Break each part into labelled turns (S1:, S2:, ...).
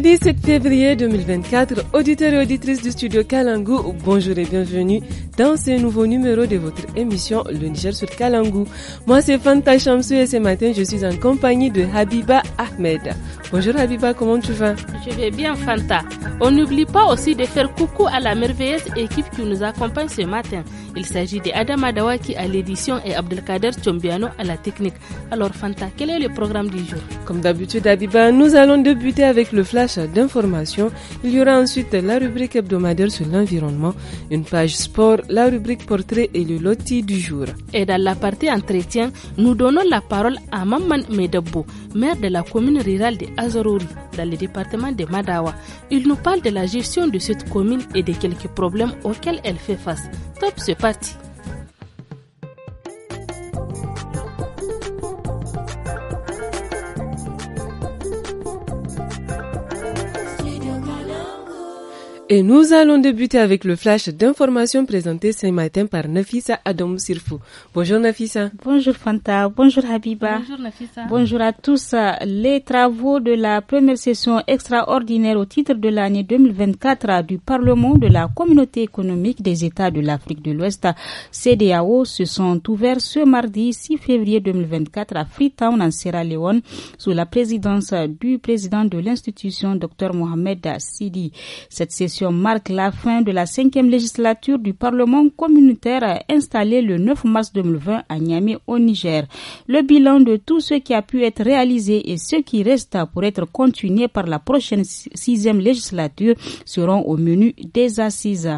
S1: 17 février 2024, auditeurs et auditrices du studio Kalangu, bonjour et bienvenue dans ce nouveau numéro de votre émission Le Niger sur Kalangu. Moi, c'est Fanta Chamsu et ce matin, je suis en compagnie de Habiba Ahmed. Bonjour Habiba, comment tu vas
S2: Je vais bien Fanta. On n'oublie pas aussi de faire coucou à la merveilleuse équipe qui nous accompagne ce matin. Il s'agit de Adam Adawaki à l'édition et Abdelkader Chombiano à la
S1: technique. Alors
S2: Fanta, quel est le programme du jour
S1: Comme d'habitude Habiba, nous allons débuter avec le flash d'information. Il y aura ensuite la rubrique hebdomadaire sur l'environnement, une page sport, la rubrique portrait et le loti du jour. Et dans la partie entretien, nous
S2: donnons la parole à Maman Medabo, maire de la commune rurale de Azoruri, dans le département de Madawa. Il nous parle de la gestion de cette commune et de quelques problèmes auxquels elle fait face. Top, ce parti.
S1: Et nous allons débuter avec le flash d'information présenté ce matin par Nafissa Adam Sirfou. Bonjour Nafissa. Bonjour Fanta, bonjour Habiba. Bonjour
S3: Nafissa. Bonjour à
S1: tous. Les travaux de la première session
S4: extraordinaire au titre de l'année 2024 du Parlement de la Communauté économique des États de l'Afrique de l'Ouest, CDAO, se sont ouverts ce mardi 6 février 2024 à Freetown en Sierra Leone sous la présidence du président de l'institution, Dr Mohamed Sidi. Cette session marque la fin de la cinquième législature du Parlement communautaire installé le 9 mars 2020 à Niamey au Niger. Le bilan de tout ce qui a pu être réalisé et ce qui reste pour être continué par la prochaine sixième législature seront au menu des assises.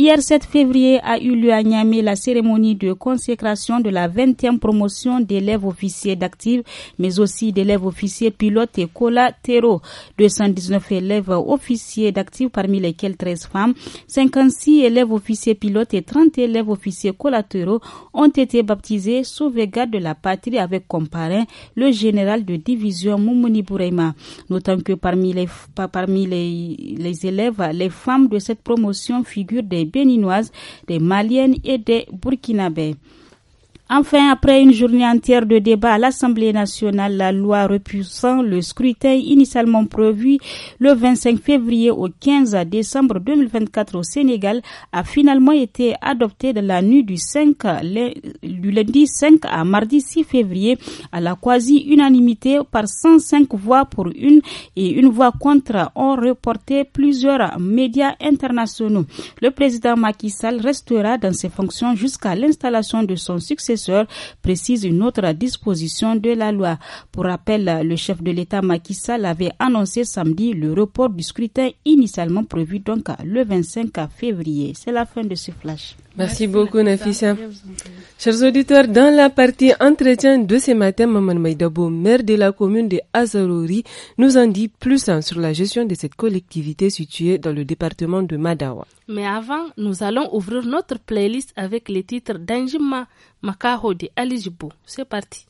S4: Hier 7 février a eu lieu à Niamey la cérémonie de consécration de la 20e promotion d'élèves officiers d'actifs, mais aussi d'élèves officiers pilotes et collatéraux. 219 élèves officiers d'actifs, parmi lesquels 13 femmes, 56 élèves officiers pilotes et 30 élèves officiers collatéraux ont été baptisés garde de la patrie avec comme le général de division Moumouni Boureima. Notant que parmi les, parmi les élèves, les femmes de cette promotion figurent des béninoises, des maliennes et des burkinabés. Enfin, après une journée entière de débat à l'Assemblée nationale, la loi repoussant le scrutin initialement prévu le 25 février au 15 décembre 2024 au Sénégal a finalement été adoptée de la nuit du, lundi 5 à mardi 6 février à la quasi-unanimité par 105 voix pour une et une voix contre ont reporté plusieurs médias internationaux. Le président Macky Sall restera dans ses fonctions jusqu'à l'installation de son successeur précise une autre disposition de la loi. Pour rappel, le chef de l'État Macky l'avait avait annoncé samedi le report du scrutin initialement prévu donc le 25 février. C'est la fin de ce
S1: flash. Merci beaucoup, Nafisa. Chers auditeurs, dans la partie entretien de ce matin, Maman Maïdabo, maire de la commune de Azarori, nous en dit plus hein, sur la gestion de cette collectivité située dans le département de Madawa.
S2: Mais avant, nous allons ouvrir notre playlist avec les titres d'Anjima Makaho de Ali C'est parti.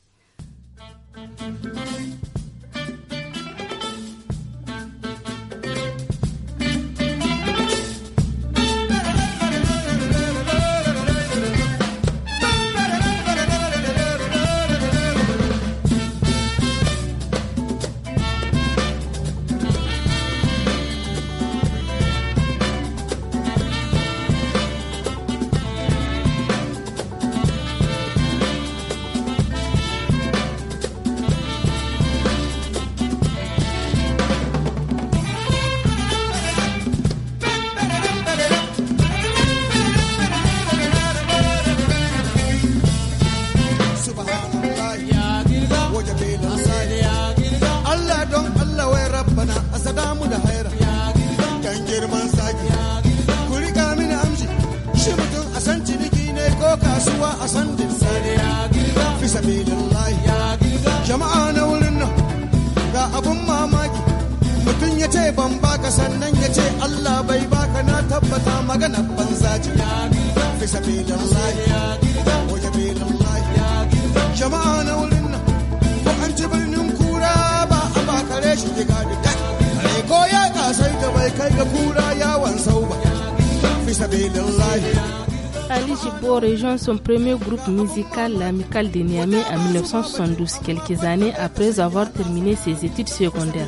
S2: Congo rejoint son premier groupe musical, l'amical de Niamey, en 1972, quelques années après avoir terminé ses études secondaires.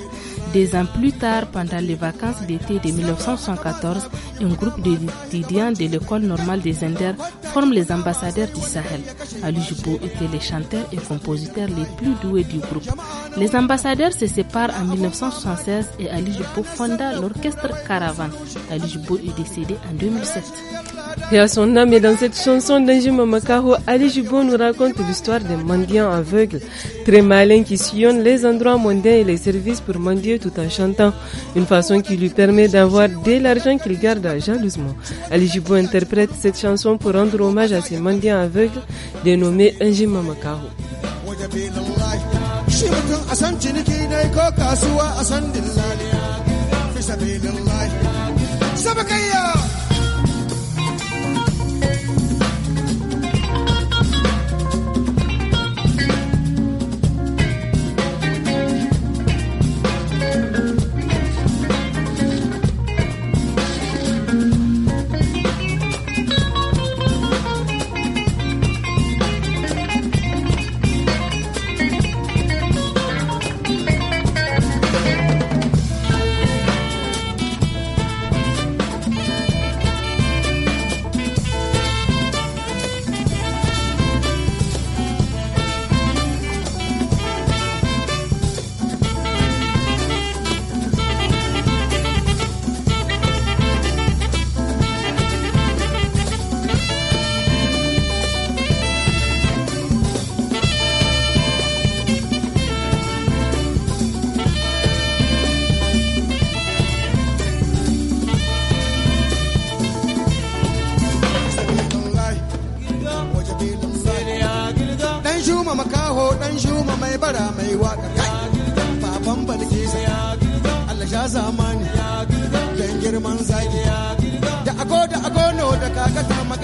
S2: Des ans plus tard, pendant les vacances d'été de 1974, un groupe d'étudiants de l'école normale des Inders forme les ambassadeurs du Sahel. Ali Jubo était le chanteur et compositeur les plus doués du groupe. Les ambassadeurs se séparent en 1976 et Ali
S1: Jubo fonda l'orchestre Caravan. Ali Jubo est décédé en 2007. Et à son âme, et dans cette chanson d'Anjuma Makaro, Ali Jubon nous raconte l'histoire des mendiants aveugles, très malin qui sillonnent les endroits mondains et les services pour mendier tout en chantant, une façon qui lui permet d'avoir de l'argent qu'il garde jalousement. Ali Jubon interprète cette chanson pour rendre hommage à ces mendiants aveugles dénommés Anjuma Makaro.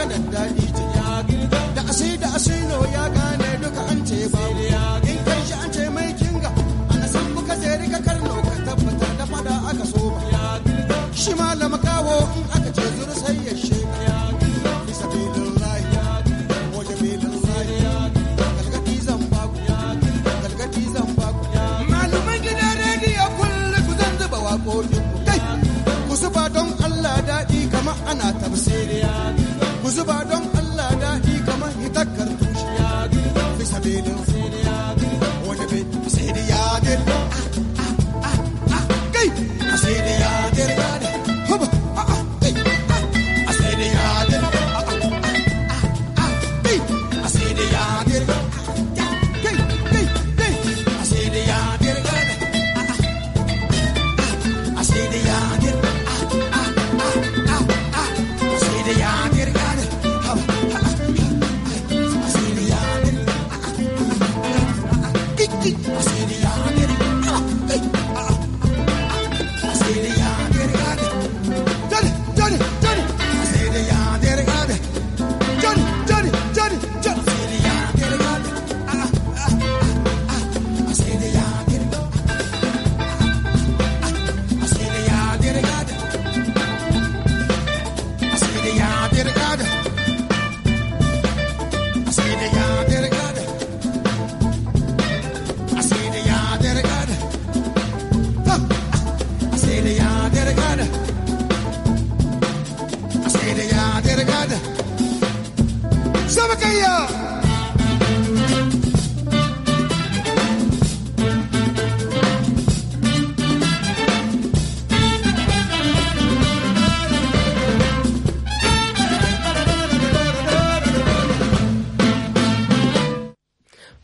S5: maganar daɗi ta ya girgin da ashe da ashe no ya ga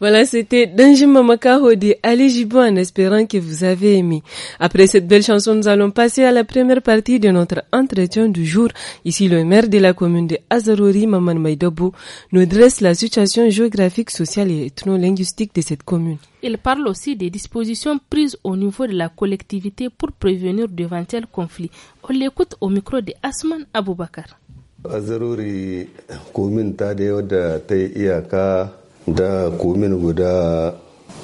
S1: Voilà, c'était Danji Mamakaho de Ali Jibo en espérant que vous avez aimé. Après cette belle chanson, nous allons passer à la première partie de notre entretien du jour. Ici, le maire de la commune de Azarori, Maman Maïdobo, nous dresse la situation géographique, sociale et ethno-linguistique de cette commune.
S2: Il parle aussi des dispositions prises au niveau de la collectivité pour prévenir d'éventuels conflits. On l'écoute au micro de Asman Aboubakar.
S6: Azarori, commune Tadeo de da komin guda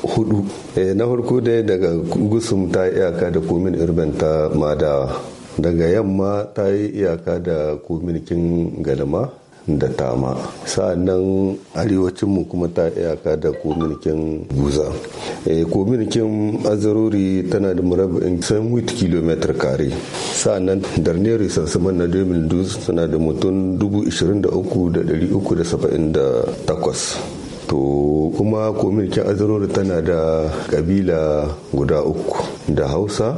S6: hudu eh, na farko dai daga gusum ta iyaka da komin irben ta madawa daga yamma ta yi iyaka da kominikin galma da tama sa'annan arewacinmu kuma ta iyaka da kominikin guza eh, kominikin azarori tana da murabba'in san wit kilometer kare sa'annan darneri sansaman na 2012 tana da mutum 23,378 to kuma kominikin azurori tana da kabila guda uku da hausa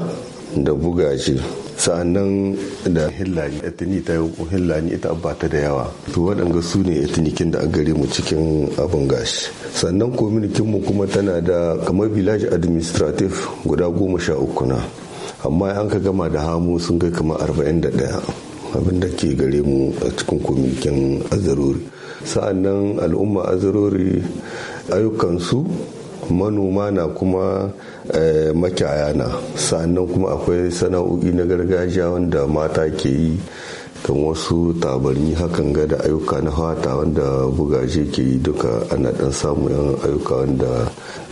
S6: da bugaji sa'annan da hillani etini ta hillani ita abata da yawa to waɗanga su ne etinikin da a gare mu cikin abin gashi sannan kominikin mu kuma tana da kamar village administrative guda goma sha uku na amma an ka gama da hamu sun kai kamar arba'in da ɗaya abin da ke gare mu a cikin kominikin azaruri sa'annan al'umma azurori ayyukansu manoma na kuma eh, makyaya na sa'annan kuma akwai sana'o'i na gargajiya wanda mata ke yi kan wasu tabarni hakan ga da ayyuka na hata wanda bugaje ke yi duka ana dan samu yan ayyuka wanda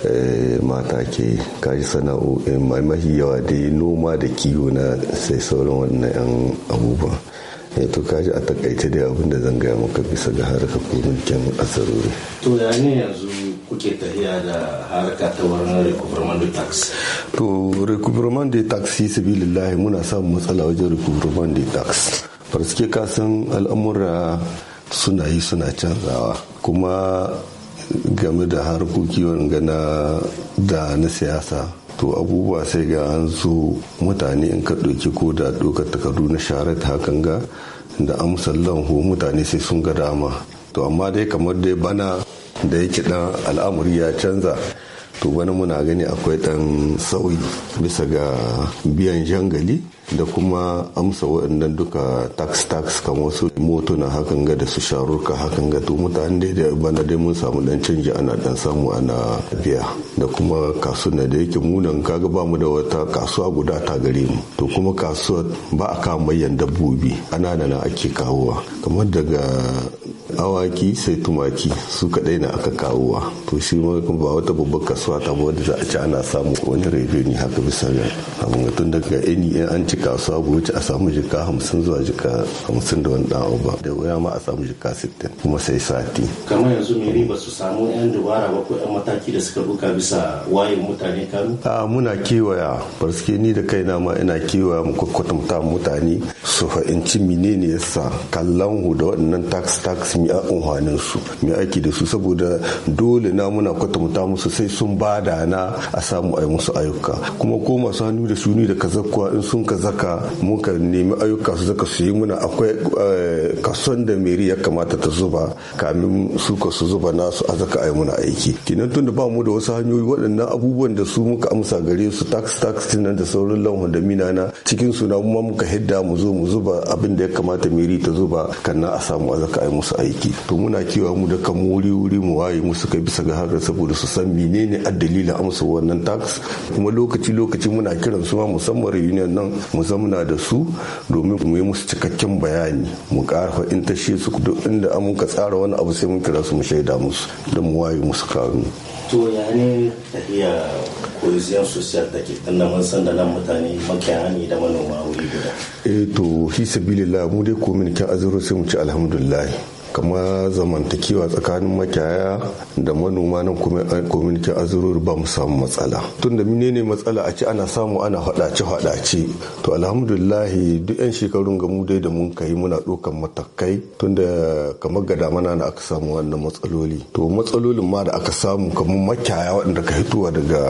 S6: eh, mata ke kaji sana'o'i mai mahi yawa da noma da kiwo na sai sauran wannan yan abubuwa ya eh, to kaji a takaice dai abin da zan gaya maka bisa ga harkar mulkin asarori
S7: to ya ne yanzu kuke tafiya da harka ta wurin recuperment de tax
S6: to recuperment de tax fi sabilillah muna samun matsala wajen recuperment de tax suke kasan al'amura suna yi suna canzawa kuma game da harkoki gana da na siyasa to abubuwa sai ga an zo mutane in ka ɗauki ko da ɗaukar takardu na sharat hakan ga da amsar lanho mutane sai sun ga dama to amma dai kamar dai bana da yake dan al'amuri ya canza to bana muna gani akwai ɗan sauyi bisa ga biyan jangali da kuma amsa waɗannan duka tax tax kamar wasu motuna hakan ga da su sharurka hakan ga to mutane da bana dai mun samu dan canji ana dan samu ana biya da kuma kasuwa da yake munan kaga bamu da wata kasuwa guda ta gare mu to kuma kasuwa ba a kama mayan dabbobi ana na ake kawowa kamar daga awaki sai tumaki su kadai na aka kawowa to shi ma ba wata babbar kasuwa ta ba wanda za a ci ana samu wani revenue haka bisa ga abin tun daga eni an ci kasuwa bai wuce a samu jika hamsin zuwa jika hamsin da wani dan ba da wuya ma a samu jika sittin kuma sai sati.
S7: kamar yanzu meri ba su samu yan dubara ba ko yan mataki da suka buka bisa wayin mutane kan?
S6: a muna kewaya barske ni da kaina ma ina kewaya mu kwatanta mutane su fahimci menene yasa kallon hu da waɗannan tax tax mi a unhwanin su mi aiki da su saboda dole na muna kwatanta musu sai sun bada na a samu a yi musu ayyuka kuma ko masu hannu da shuni da kazakuwa in sun kaza saka muka nemi ayyuka su zaka su yi muna akwai eh, kason da meri ya kamata ta zuba kamin su ka su zuba nasu a zaka ayi muna aiki kinan tun da ba mu da wasu hanyoyi waɗannan abubuwan da su muka amsa gare su tax tax nan da sauran lauhun da mina na cikin su na mu muka hidda mu zo mu zuba abin da ya kamata meri ta zuba kan na a samu a zaka ayi musu aiki to muna kiwa mu da kan wuri wuri mu waye musu kai bisa ga haka saboda su san menene dalilin amsa wannan tax kuma lokaci lokaci muna kiran su ma musamman reunion nan mu da su domin mu yi musu cikakken bayani mu ƙara in tashe su duk inda an muka tsara wani abu sai mun kira su mu shaida musu don mu waye musu kanu. to ya
S7: ne tafiya cohesion social da ke mun san da nan mutane makiyani da
S6: manoma wuri guda. eh to hisa sabilillah mu dai ko min kyan azuru sai mu ci alhamdulillah kama zamantakewa tsakanin makiyaya da manoma nan kwamitin eh, azurur ba mu samu matsala tun da ne matsala a ce ana samu ana hadace hadace to alhamdulillahi duk 'yan shekarun ga mu dai da mun kai muna dokan matakai tun da kamar ga damana na aka samu wannan matsaloli to matsalolin ma da aka samu kamar makiyaya waɗanda ka hitowa daga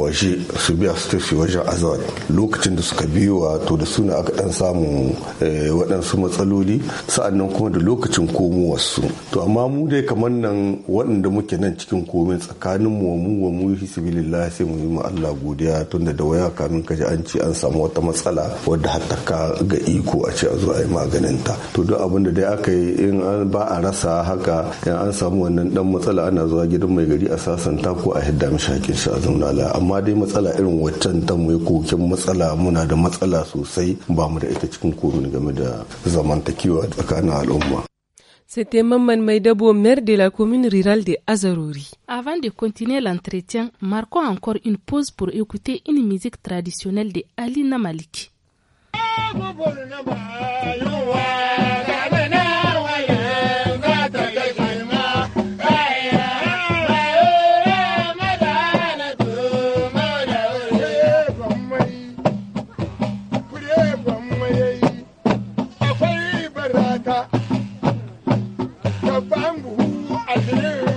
S6: waje su biya su tafi wajen azawad lokacin da suka biyowa to da suna aka ɗan samu eh, waɗansu matsaloli sa'annan kuma da lokacin komo wasu to amma mu dai kamar nan waɗanda muke nan cikin komai tsakanin mu mu wa mu hisbilillah sai mu yi mu Allah godiya tunda da waya kamin kaji an ci an samu wata matsala wadda hatta ka ga iko a ce a zo a yi maganin ta to duk abin da dai aka yi in ba a rasa haka in an samu wannan dan matsala ana zuwa gidan mai gari a sasanta ko a hidda mishi hakin shi a zauna la amma dai matsala irin waccan ta mu kokin matsala muna da matsala sosai ba mu da ita cikin komai game da zamantakewa tsakanin al'umma
S1: C'était Maman Maïdabo, maire de la commune rurale de Azarouri. Avant de continuer l'entretien,
S2: marquons encore une pause pour écouter une musique traditionnelle de Ali Namaliki.
S8: I do.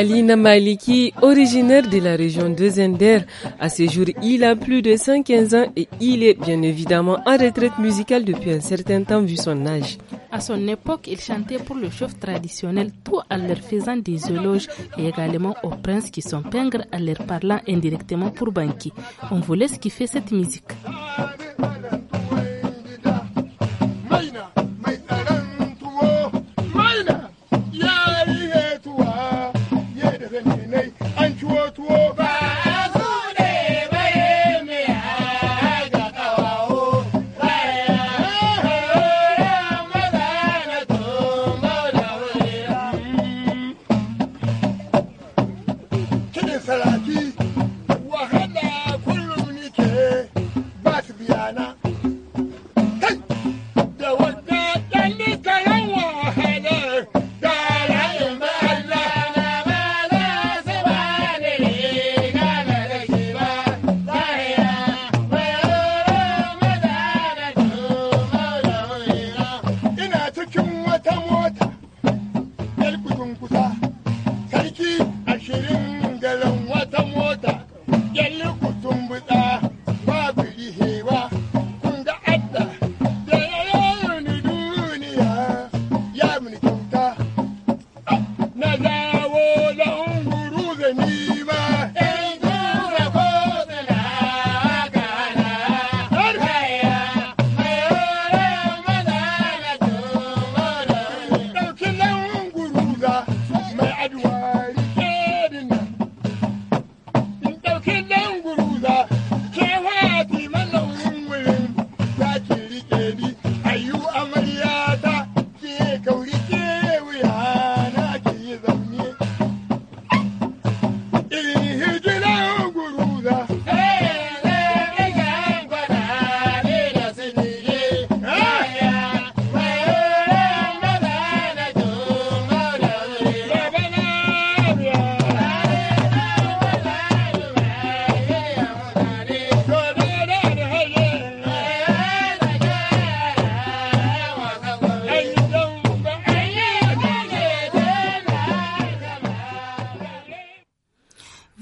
S1: Alina Maliki, originaire de la région de Zender. À ses jours, il a plus de 115 ans et il est bien évidemment en retraite musicale depuis un certain temps vu son âge. À son époque, il chantait pour le chef traditionnel tout
S2: en leur faisant des éloges et également aux princes qui sont pingres en leur parlant indirectement pour Banki. On vous laisse fait cette musique.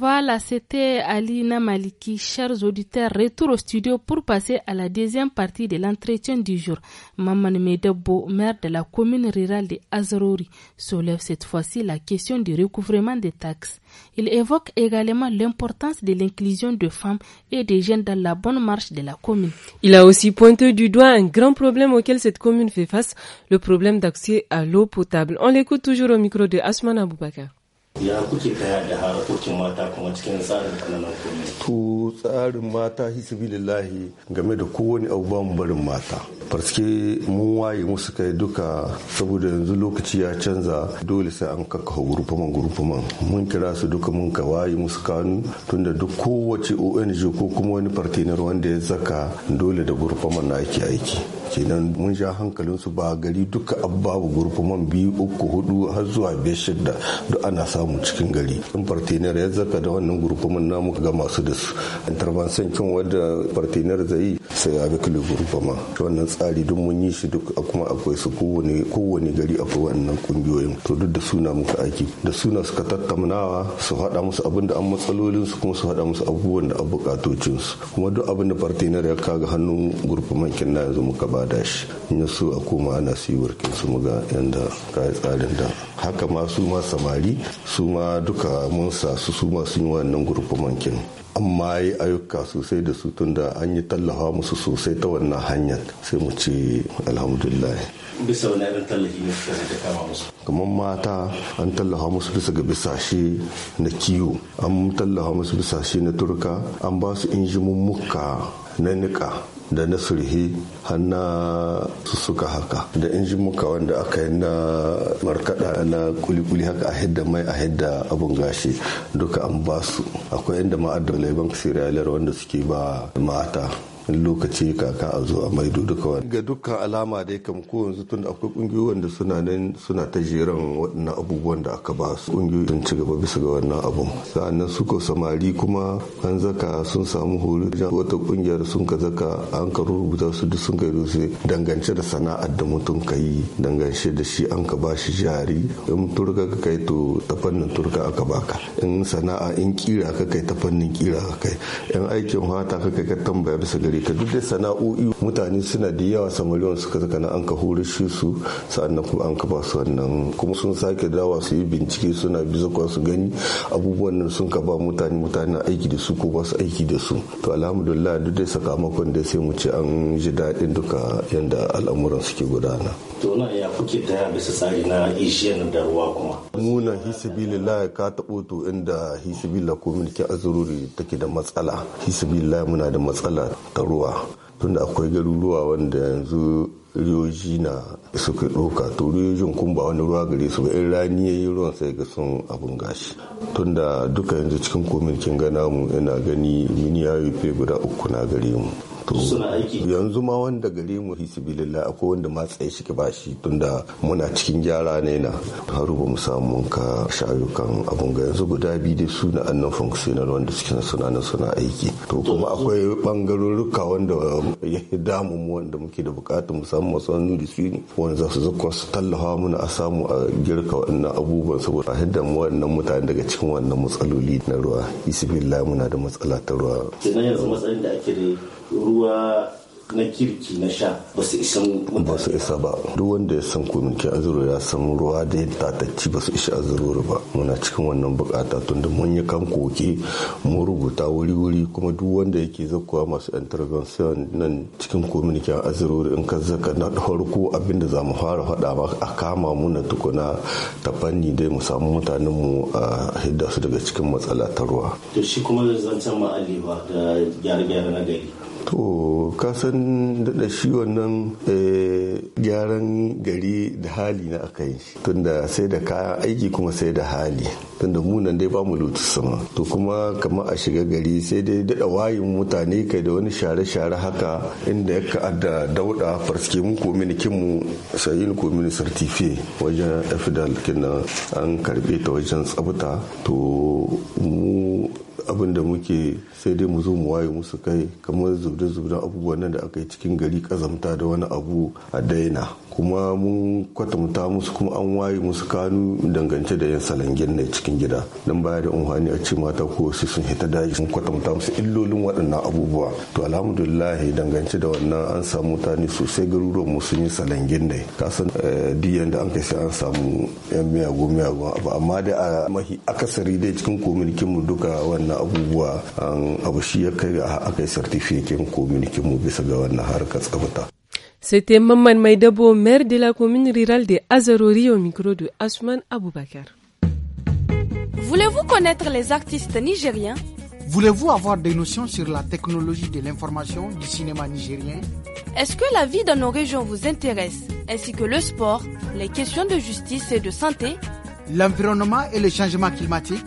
S2: Voilà, c'était Alina Maliki. Chers auditeurs, retour au studio pour passer à la deuxième partie de l'entretien du jour. Maman Medebo, maire de la commune rurale de Azorori, soulève cette fois-ci la question du recouvrement des taxes. Il évoque également l'importance de l'inclusion de femmes et des jeunes dans la bonne marche de la commune.
S1: Il a aussi pointé du doigt un grand problème auquel cette commune fait face, le problème d'accès à l'eau potable. On l'écoute toujours au micro de Asman Aboubakar.
S7: ya kuke kaya da harkokin mata kuma cikin tsarin kananan
S6: kuma to tsarin mata hisabilillahi game da kowane abu barin mata farske mun waye musu kai duka saboda yanzu lokaci ya canza dole sai an kaka gurfaman gurfaman mun kira su duka mun ka waye musu kanu tunda duk kowace ong ko kuma wani partner wanda ya zaka dole da gurfaman na yake aiki kenan mun sha hankalinsu ba gari duka babu gurfaman biyu uku hudu har zuwa biyar shidda duk ana samu mu cikin gari in partiner ya zaka da wannan gurkumin namu ga masu da su intervention kin wanda partiner zai yi sai ya bi kule gurkuma wannan tsari duk mun yi shi duk kuma akwai su kowane kowane gari akwai wannan kungiyoyin to duk da suna muka aiki da suna suka tattaunawa su faɗa musu abin da an matsalolin su kuma su faɗa musu abubuwan da an katocin su kuma duk abin da partiner ya kaga hannun gurkuman kin na yanzu muka bada shi in so a koma ana su yi warkin su muga yanda ka tsarin da haka ma su ma samari su ma duka mun sa su su ma sun yi wannan gurfuman amma yi ayyuka sosai da su tunda an yi tallafa musu sosai ta wannan hanyar sai mu ce alhamdulillah
S7: bisa wani irin tallafi ne suka da kama musu
S6: kamar mata an tallafa musu bisa ga bisashe na kiwo an tallafa musu bisashe na turka an ba su injimin muka na niƙa da na sulhi hanna su suka haka da muka wanda aka yi na markaɗa na kulikuli haka a hidda mai a hidda abun gashi duka an basu akwai inda ma'adar laiban siriyaliyar wanda suke ba mata lokaci kaka a zo a maido duka wani ga dukkan alama dai kam ko yanzu tun da akwai kungiyoyi wanda suna nan suna ta jeran waɗannan abubuwan da aka ba su kungiyoyi sun ci gaba bisa ga wannan abun sa'annan suka samari kuma an zaka sun samu horo wata kungiyar sun ka zaka an ka rubuta su duk sun kai su dangance da sana'ar da mutum ka yi dangance da shi an ka ba shi jari in turka ka kai to ta fannin turka aka baka in sana'a in kira ka kai ta fannin kira ka kai in aikin fata ka kai ka tambaya bisa gari gare ta duk da sana'o'i mutane suna da yawa samariyan suka zaka na an ka horashe su sa'annan kuma an ka ba su wannan kuma sun sake dawa su yi bincike suna bizakwa su gani abubuwan nan sun ka ba mutane mutane na aiki da su ko ba su aiki da su to alhamdulillah duk da sakamakon da sai mu ce an ji daɗin duka yadda al'amuran suke gudana.
S7: to nan ya kuke ta bisa tsari na ishiyar da ruwa kuma.
S6: muna hisabilillah ka taɓo to inda hisabilillah ko azururi take da matsala hisabilillah muna da matsala ta ruwa tunda akwai garuruwa wanda yanzu riyoji na suka ɗauka to riyojin kun ba wani ruwa gare su ba in rani ya yi ruwan sai ga sun abun gashi tunda duka yanzu cikin komin kin gana mu ina gani mini ya guda uku na gare mu to yanzu ma wanda gare mu hisibilillah akwai wanda ma tsaye shi ba shi tunda muna cikin gyara ne na har ba mu samu ka shayukan abun ga yanzu guda biyu da su na annan functional wanda suke suna nan suna aiki to kuma akwai bangarorruka wanda ya damu mu wanda muke da bukatu musamman masu wani su wanda za su zuwa su tallafa muna a samu a girka wannan abubuwan saboda hidda mu wannan mutane daga cikin wannan matsaloli na ruwa isibillah muna da matsala ta ruwa.
S7: ruwa na kirki na sha ba su isa
S6: ba su isa ba duk wanda ya san kominkin azuru ya san ruwa da ya tatacci ba su isa azuru ba muna cikin wannan bukata tunda mun yi kan koke mun rubuta wuri wuri kuma duk wanda yake zakuwa masu intervention nan cikin kominkin azuru in ka zaka na farko abinda za mu fara faɗa ba a kama mu na tukuna ta fanni dai mu samu mutanen mu a hidda su daga cikin matsala ta ruwa
S7: to shi kuma zancen ma'ali ba da gyare-gyare na gari
S6: to kasan daɗa shi wannan eh, gyaran gari da hali na aka yi tunda sai da kayan aiki kuma sai da hali tunda munan dai ba mu lutu sama to kuma kamar a shiga gari sai dai daɗa wayin mutane kai da wani share-share haka inda ya da dauɗa farske mu ko minikin mu sayin komini certifiye wajen fidal kenan an karɓe ta wajen tsabta to mu abin da muke sai dai mu zo mu waye musu kai kamar zubda-zubda abubuwan nan da aka yi cikin gari kazamta da wani abu a daina kuma mun kwatanta musu kuma an waye musu kanu dangance da yan salangin ne cikin gida don baya da unhani a ce mata ko wasu sun hita daji sun kwatanta musu illolin waɗannan abubuwa to alhamdulillah dangance da wannan an samu mutane sosai garuruwan musu yin salangin ne kasan eh, diyan da an kai sai an samu yan miyagu miyagu ba amma da a mahi akasari dai cikin kominikin mu duka wannan abubuwa an abu shi ya kai a kai sartifikin kominikin mu bisa ga wannan harkar tsafta
S1: C'était Maman Maïdabo, maire de la commune rurale de Azarori, au micro de Asman Aboubakar.
S9: Voulez-vous connaître les artistes nigériens
S10: Voulez-vous avoir des notions sur la technologie de l'information du cinéma nigérien
S9: Est-ce que la vie dans nos régions vous intéresse, ainsi que le sport, les questions de justice et de santé
S11: L'environnement et le changement climatique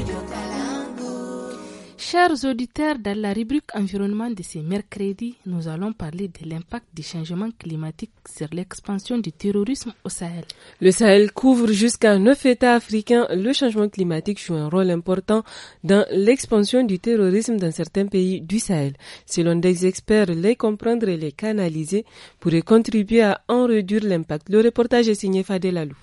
S2: Chers auditeurs, dans la rubrique environnement de ce mercredi, nous allons parler de l'impact du changement climatique
S1: sur l'expansion du terrorisme au Sahel. Le Sahel couvre jusqu'à neuf États africains. Le changement climatique joue un rôle important dans l'expansion du terrorisme dans certains pays du Sahel. Selon des experts, les comprendre et les canaliser pourrait contribuer à en réduire l'impact. Le reportage est signé Fadel Alou.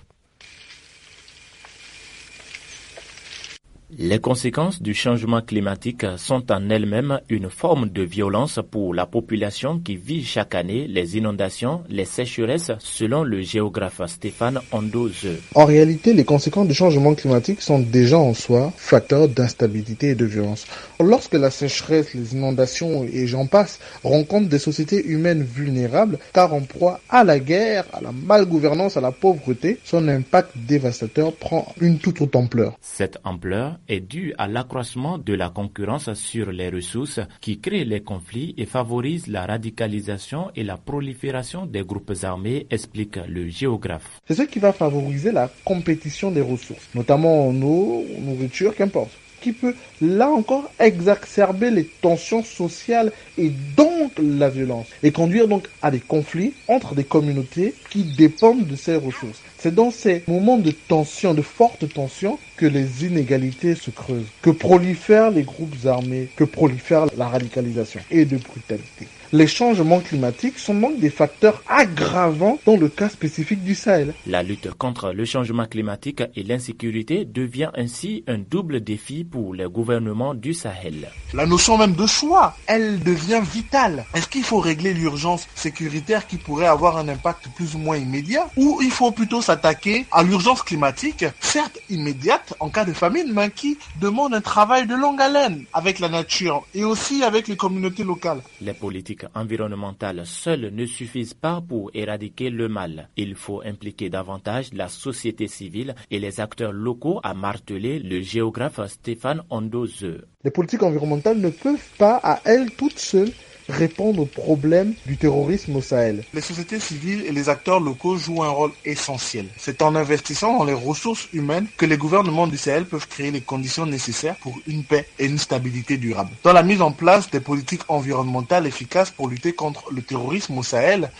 S12: Les conséquences du changement climatique sont en elles-mêmes une forme de violence pour la population qui vit chaque année les inondations, les sécheresses, selon le géographe Stéphane Andoze.
S11: En réalité, les conséquences du changement climatique sont déjà en soi facteurs d'instabilité et de violence. Lorsque la sécheresse, les inondations et j'en passe rencontrent des sociétés humaines vulnérables, car en proie à la guerre, à la malgouvernance, à la pauvreté, son impact dévastateur prend une toute autre ampleur.
S12: Cette ampleur est due à l'accroissement de la concurrence sur les ressources qui crée les conflits et favorise la radicalisation et la prolifération des groupes armés, explique le géographe.
S11: C'est ce qui va favoriser la compétition des ressources, notamment en eau, nourriture, qu'importe qui peut, là encore, exacerber les tensions sociales et donc la violence, et conduire donc à des conflits entre des communautés qui dépendent de ces ressources. C'est dans ces moments de tension, de forte tension, que les inégalités se creusent, que prolifèrent les groupes armés, que prolifère la radicalisation et de brutalité. Les changements climatiques sont donc des facteurs aggravants dans le cas spécifique du Sahel.
S12: La lutte contre le changement climatique et l'insécurité devient ainsi un double défi pour les gouvernements du Sahel. La notion même
S11: de choix, elle devient vitale. Est-ce qu'il faut régler l'urgence sécuritaire qui pourrait avoir un impact plus ou moins immédiat, ou il faut plutôt s'attaquer à l'urgence climatique, certes immédiate en cas de famine, mais qui demande un travail de longue haleine avec la nature et aussi avec les communautés locales.
S12: Les politiques environnementales seules ne suffisent pas pour éradiquer le mal. Il faut impliquer davantage la société civile et les acteurs locaux, a martelé le géographe Stéphane Ondoze.
S11: Les politiques environnementales ne peuvent pas à elles toutes seules répondre aux problèmes du terrorisme au Sahel. Les sociétés civiles et les acteurs locaux jouent un rôle essentiel. C'est en investissant dans les ressources humaines que les gouvernements du Sahel peuvent créer les conditions nécessaires pour une paix et une stabilité durable. Dans la mise en place des politiques environnementales efficaces pour lutter contre le terrorisme au Sahel,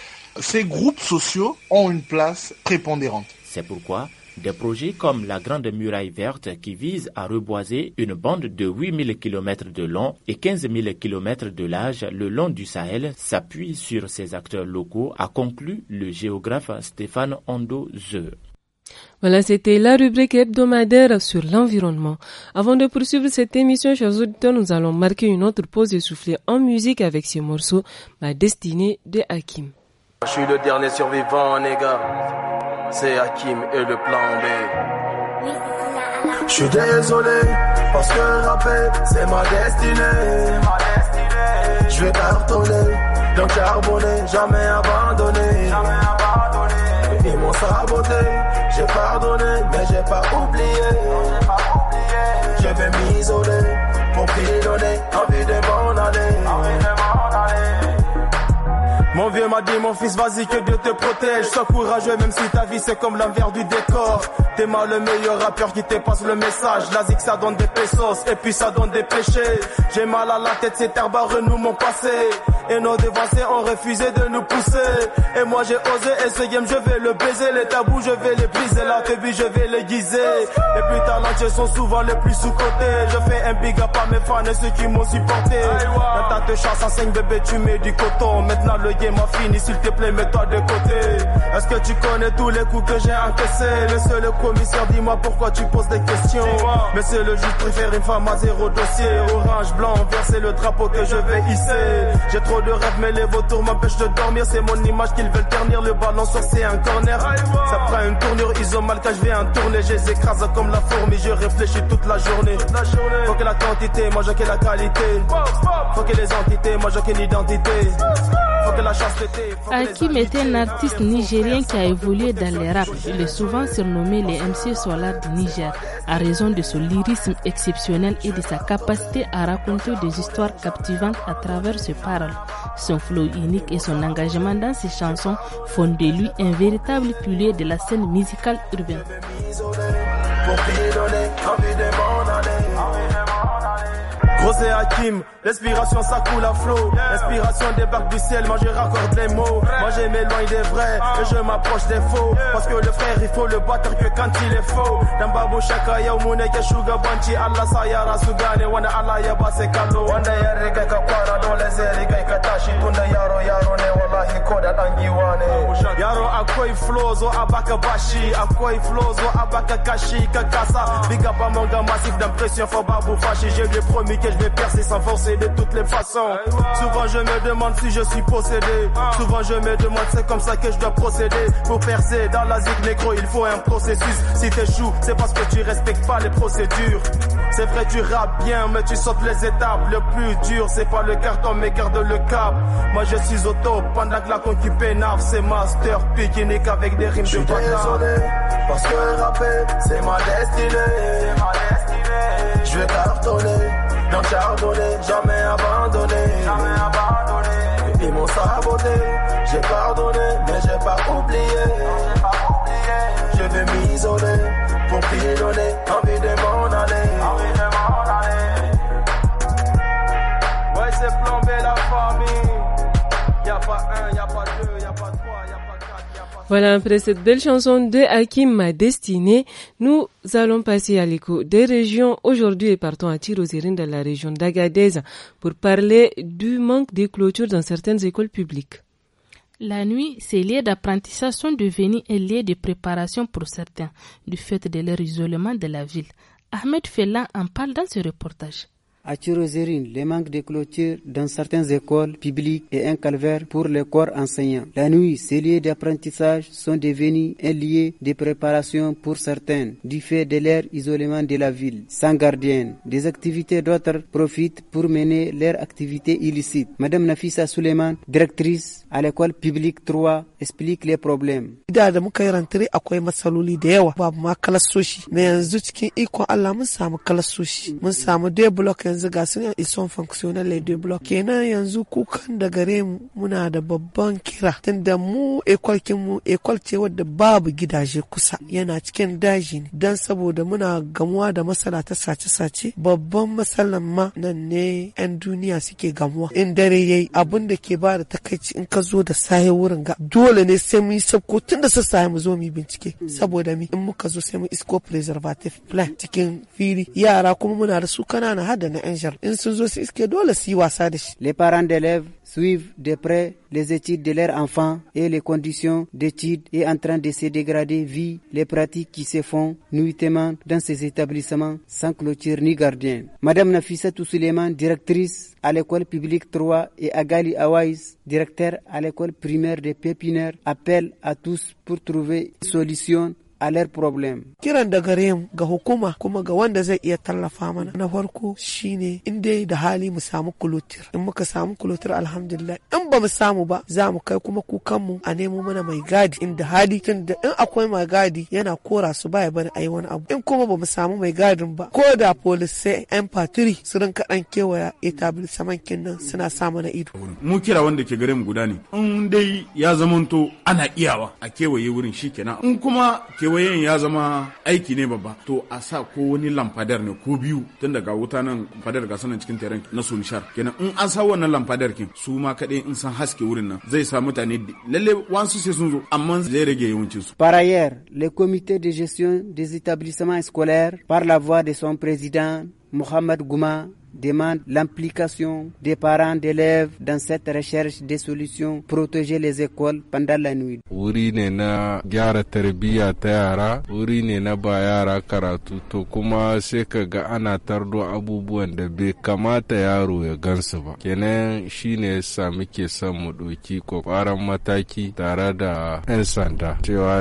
S11: ces groupes sociaux ont une place prépondérante.
S12: C'est pourquoi des projets comme la Grande Muraille Verte qui vise à reboiser une bande de 8000 km de long et 15 000 km de large le long du Sahel s'appuie sur ces acteurs locaux, a conclu le géographe Stéphane Ondo Zeu.
S1: Voilà, c'était la rubrique hebdomadaire sur l'environnement. Avant de poursuivre cette émission, chers auditeurs, nous allons marquer une autre pause et souffler en musique avec ce morceau, Ma destinée de Hakim.
S13: Je suis le dernier survivant, les gars c'est Hakim et le plan B. Je suis désolé, parce que rapper, c'est ma destinée. Je vais cartonner, donc carbonner, jamais abandonné. Ils m'ont saboté, j'ai pardonné, mais j'ai pas oublié. Je vais m'isoler, pour pilonner, envie de m'en aller. Mon vieux m'a dit mon fils vas-y que Dieu te protège Sois courageux même si ta vie c'est comme l'envers du décor T'es mal le meilleur rappeur qui te passe le message La ça donne des pesos et puis ça donne des péchés J'ai mal à la tête ces terres nous mon passé Et nos dévancés ont refusé de nous pousser Et moi j'ai osé et ce game je vais le baiser Les tabous je vais les briser La tebu je vais les guiser Les plus talentueux sont souvent les plus sous-cotés Je fais un big up à mes fans et ceux qui m'ont supporté T'as te chasse 5 bébé tu mets du coton Maintenant le moi fini s'il te plaît, mets-toi de côté. Est-ce que tu connais tous les coups que j'ai encaissés Le le commissaire, dis-moi pourquoi tu poses des questions. Mais c'est le juge préfère une femme à zéro dossier. Orange, blanc, vert, c'est le drapeau que je vais hisser. J'ai trop de rêves, mais les vautours m'empêchent de dormir. C'est mon image qu'ils veulent ternir. Le ballon sur c'est un corner. Ça prend une tournure,
S2: ils ont mal quand je vais en tourner. Je les écrase comme la fourmi, je réfléchis toute la journée. Faut que la quantité, moi j'ai la qualité. Faut que les entités, moi j'ai qu'une identité. Hakim est un artiste nigérien qui a évolué dans les rap. Il est souvent surnommé les MC Solar du Niger à raison de son lyrisme exceptionnel et de sa capacité à raconter des histoires captivantes à travers ses paroles. Son flow unique et son engagement dans ses chansons font de lui un véritable pilier de la scène musicale urbaine.
S13: Rosé Hakim, l'inspiration ça coule à flot. L'inspiration débarque du ciel, moi je raccorde les mots. Moi je m'éloigne des vrais ah. et je m'approche des faux. Parce que le frère il faut le battre que quand il est faux. Dans babu shaka yau sugar ke banchi, Allah Sayara yara su Allah ya ba sai kallo. Wanda ya riga kwara dole tashi yaro yaro ne wallahi koda da Yaro akoi flow o abaka bashi akwai flow zo abaka kashi ka kasa. Ah. Big up among the massive d'impression for babu fashi. Je le premier promis je vais percer sans forcer de toutes les façons. Eh, Souvent je me demande si je suis possédé. Ah. Souvent je me demande c'est comme ça que je dois procéder. Pour percer dans la zig négro, il faut un processus. Si t'échoues, c'est parce que tu respectes pas les procédures. C'est vrai, tu rappes bien, mais tu sautes les étapes. Le plus dur, c'est pas le carton, mais garde le cap. Moi, je suis auto, pendant que la conquille c'est master, pique avec des rimes Je de désolé, parce que rapper, c'est ma destinée. C'est Je vais cartonner. Bien charbonné, jamais abandonné. Jamais abandonné. Ils m'ont saboté, j'ai pardonné, mais j'ai pas oublié. Je vais m'isoler pour pilonner,
S1: Voilà, après cette belle chanson de Hakim, ma destinée, nous allons passer à l'écho des régions aujourd'hui et partons à Tirozirin de la région d'Agadez pour parler du manque de clôture dans certaines écoles publiques.
S2: La nuit, ces lieux d'apprentissage sont devenus un lieu de préparation pour certains, du fait de leur isolement de la ville. Ahmed Fela en parle dans ce reportage.
S10: À Chirozérine, les manques de clôture dans certaines écoles publiques est un calvaire pour les corps enseignants. La nuit, ces lieux d'apprentissage sont devenus un lieu de préparation pour certains du fait de l'air isolement de la ville, sans gardienne. Des activités d'autres profitent pour mener leurs activités illicites. Madame Nafisa Suleiman, directrice à l'école publique 3, explique les problèmes.
S14: yanzu ga su ils sont fonctionnels les kenan yanzu kukan da gare mu muna da babban kira tunda mu ekwalkin mu ekwal ce wadda babu gidaje kusa yana cikin daji ne dan saboda muna gamuwa da masala ta sace-sace babban masalan ma nan ne 'yan duniya suke gamuwa in dare yayi abin da ke ba da takaici in ka zo da sahe wurin ga dole ne sai mun yi sabko tun da sassa mu zo mu yi bincike hmm. saboda mi in muka zo sai mu isko preservative
S10: plan cikin fili yara kuma muna da su kanana hada na Les parents d'élèves suivent de près les études de leurs enfants et les conditions d'études est en train de se dégrader vu les pratiques qui se font nuitement dans ces établissements sans clôture ni gardien. Madame Nafissa Toussuleman, directrice à l'école publique 3 et Agali Awais, directeur à l'école primaire de Pépinaire, appelle à tous pour trouver une solution aler problem. Kiran da gare mu ga
S14: hukuma kuma ga wanda zai iya tallafa mana. Na farko shine in dai da hali mu samu kulotir. In muka samu kulotir alhamdulillah in ba mu samu ba za mu kai kuma kukan mu a nemo mana mai gadi in da hali tun da in akwai mai gadi yana kora su baya bari ayi wani abu. In kuma ba mu samu mai gadin ba ko da police yan fatiri su rinka dan kewaya etablisaman kinnan suna sa mana ido.
S15: Mu kira wanda ke gare mu guda ne. In dai ya zamanto ana iyawa a kewaye wurin shikenan. In kuma ke kewayen ya zama aiki ne babba to a sa ko wani lamfadar ne ko biyu tun daga wuta nan fadar ga sanan cikin teren na sunshar kenan in an sa wannan lamfadar kin su ma kaɗai in san haske wurin nan zai sa mutane lalle wansu sai sun zo amma zai rage yawancin su.
S10: Par ailleurs, le comité de gestion des établissements scolaires par la voix de son président Mohamed Guma demande l'implication des parents d'élèves dans cette recherche des solutions, protéger les écoles pendant la nuit.
S15: Uri ne na gyara tarbiya ta yara, uri ne na ba yara karatu, to kuma sai kaga ana tardo abubuwan da bai kamata yaro ya gansu ba. Kenan shine yasa muke son mu mataki tare da 'yan sanda,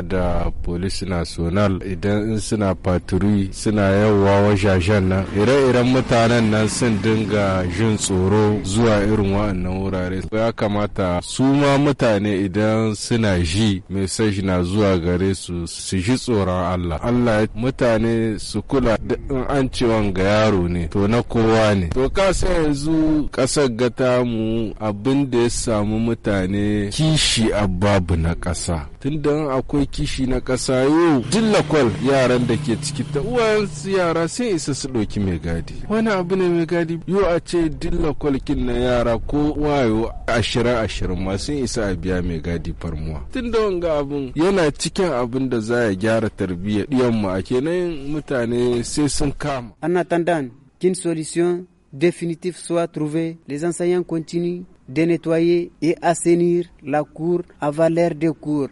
S15: da Police National idan suna faturi suna yawa wajajen nan, ire ire-iren mutanen nan sun dinga jin tsoro zuwa irin wa'annan wurare ya kamata su ma mutane idan suna ji message na zuwa gare su su ji tsoron Allah Allah mutane su kula in an ce ga yaro ne to na kowa ne to ka yanzu kasar gata mu abin da ya samu mutane kishi ababu na ƙasa tunda akwai kishi na ƙasa yau dillakwal yaran da ke ciki ta uwayen yara sai isa su ɗauki mai gadi wani abu ne mai gadi yau a ce dilla kwalkin na yara ko wayo ashirin ashirin ma sun isa a biya mai gadi farmuwa tun da
S10: wanga abun
S15: yana cikin abin da za ya gyara tarbiyyar diyanmu a kenan mutane sai sun
S10: kama ana tandan kin solution définitive soit trouvée, les enseignants continuent de nettoyer et assainir la cour avant l'heure de cours.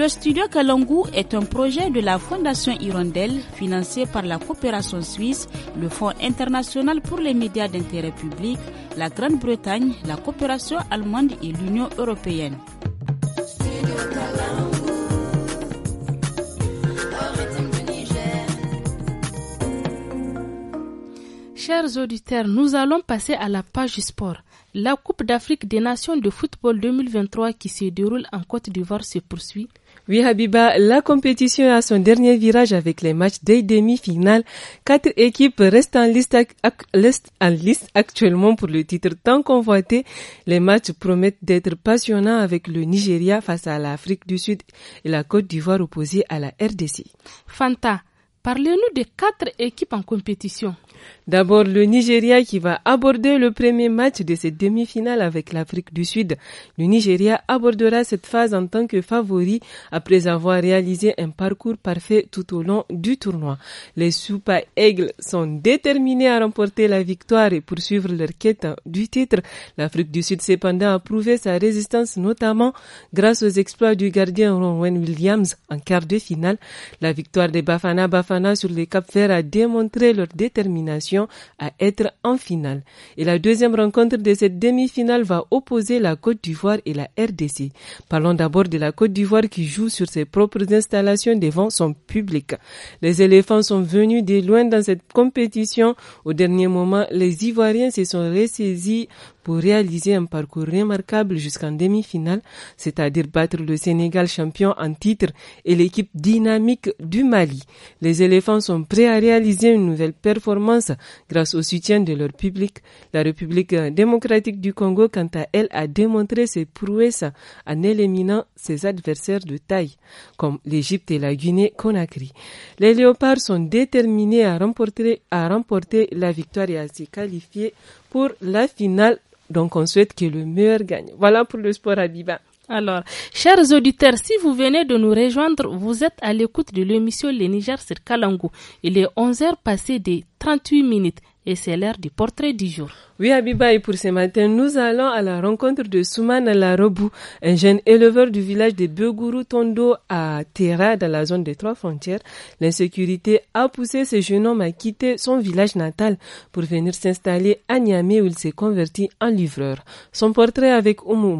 S4: Le studio Kalangu est un projet de la Fondation Hirondelle financé par la coopération suisse, le Fonds international pour les médias d'intérêt public, la Grande-Bretagne, la coopération allemande et l'Union européenne.
S2: Chers auditeurs, nous allons passer à la page sport. La Coupe d'Afrique des Nations de football 2023 qui se
S1: déroule en Côte d'Ivoire se poursuit oui, Habiba, la compétition a son dernier virage avec les matchs des demi-finales. Quatre équipes restent en liste, actuellement pour le titre tant convoité. Les matchs promettent d'être passionnants avec le Nigeria face à l'Afrique du Sud et la Côte d'Ivoire opposée à la RDC. Fanta, Parlez-nous des quatre équipes en compétition. D'abord, le Nigeria qui va aborder le premier match de cette demi-finale avec l'Afrique du Sud. Le Nigeria abordera cette phase en tant que favori après avoir réalisé un parcours parfait tout au long du tournoi. Les Super Eagles sont déterminés à remporter la victoire et poursuivre leur quête du titre. L'Afrique du Sud, cependant, a prouvé sa résistance notamment grâce aux exploits du gardien Ron Williams en quart de finale. La victoire des Bafana Bafana sur les Cap Vert a démontré leur détermination à être en finale. Et la deuxième rencontre de cette demi-finale va opposer la Côte d'Ivoire et la RDC. Parlons d'abord de la Côte d'Ivoire qui joue sur ses propres installations devant son public. Les éléphants sont venus de loin dans cette compétition. Au dernier moment, les Ivoiriens se sont ressaisis pour réaliser un parcours remarquable jusqu'en demi-finale, c'est-à-dire battre le Sénégal champion en titre et l'équipe dynamique du Mali. Les éléphants sont prêts à réaliser une nouvelle performance grâce au soutien de leur public. La République démocratique du Congo, quant à elle, a démontré ses prouesses en éliminant ses adversaires de taille, comme l'Égypte et la Guinée-Conakry. Les léopards sont déterminés à remporter, à remporter la victoire et à se qualifier pour la finale. Donc, on souhaite que le meilleur gagne. Voilà pour le sport Habiba.
S2: Alors, chers auditeurs, si vous venez de nous rejoindre, vous êtes à l'écoute de l'émission Les Niger
S1: sur Kalangou. Il est 11h passé des 38 minutes et c'est l'heure du portrait du jour. Oui, Abiba, pour ce matin, nous allons à la rencontre de Souman Alarobu, un jeune éleveur du village de Begourou Tondo à Terra, dans la zone des trois frontières. L'insécurité a poussé ce jeune homme à quitter son village natal pour venir s'installer à Niamey où il s'est converti en livreur. Son portrait avec Oumou